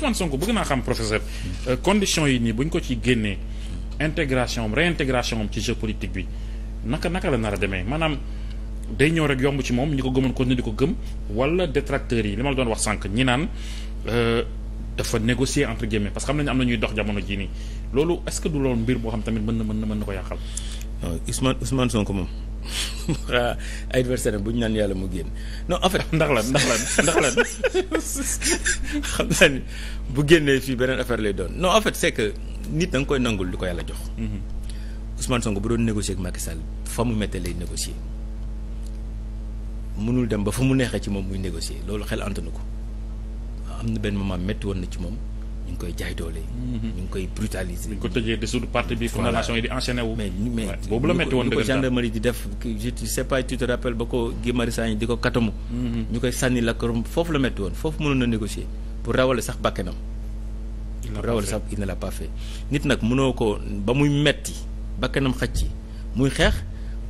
Ousmane Sonko bëgg naa xam professeur euh, condition yi nii bu ñu ko ci génnee intégration am réintégration am ci jeu bi naka naka la nar a demee maanaam day ñëw rek yomb ci moom ñu ko gëmoon ko ni di ko gëm wala détracteurs yi li ma la doon wax sànq ñi naan euh, dafa négocier entre guillemets parce que xam nañu am na ñuy dox jamono jii nii loolu est-ce que du loolu mbir boo xam tamit mën na mën na mën na ko yàqal. Euh, Ousmane Ousmane Sonko moom. ay adversaire bu ñu naan yàlla mu génn no en ndax lan ndax lan ndax lan xam naa ni bu génnee fii beneen affaire lay doon non en fait nit da nga koy nangul li ko yàlla jox. Mhm. Ousmane Sonko bu doon négocier ak Macky Sall fa mu méttee lay négocier mënul dem ba fa mu neexee ci moom muy négocier loolu xel ant na ko am na benn moment métti woon na ci moom. ñu koy jaay doole. Mhm. ñu koy brutaliser. ñu ko tëjee dissoudre di ko gendarmerie di def je ne sais pas tu te rappelles ba ko Guy Marius Sagna di ko katamu. Mhm. ñu koy sànni la këram foofu la métti woon foofu mënoon na négocier pour rawale sax bakkanam. il pour sax il ne l'a pas fait nit nag mënoo ko ba muy metti bakkanam xaj ci muy xeex.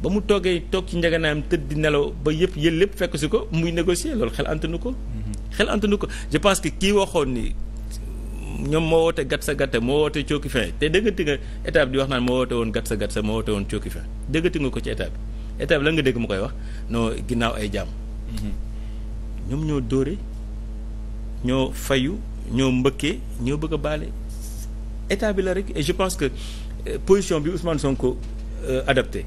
ba mu toogee toog ci njaganaayam tëdd di nelaw ba yëpp yël lépp fekk si ko muy négocier loolu xel antanu ko. Mhm. xel antanu ko je pense que kii waxoon ni. ñoom moo woote gat sa gatte moo woote cooki fin te dëggati nga état bi di wax naan moo woote woon gat sa gat sa moo woote woon cooki fin dëggati nga ko ci état bi état bi nga dégg mu koy wax noo ginnaaw ay jàmm mhm. ñoom ñoo dóore ñoo fayu ñoo mbëkkee ñoo bëgg a baale état bi la rek et je pense que euh, position bi Ousmane Sonko euh, adopté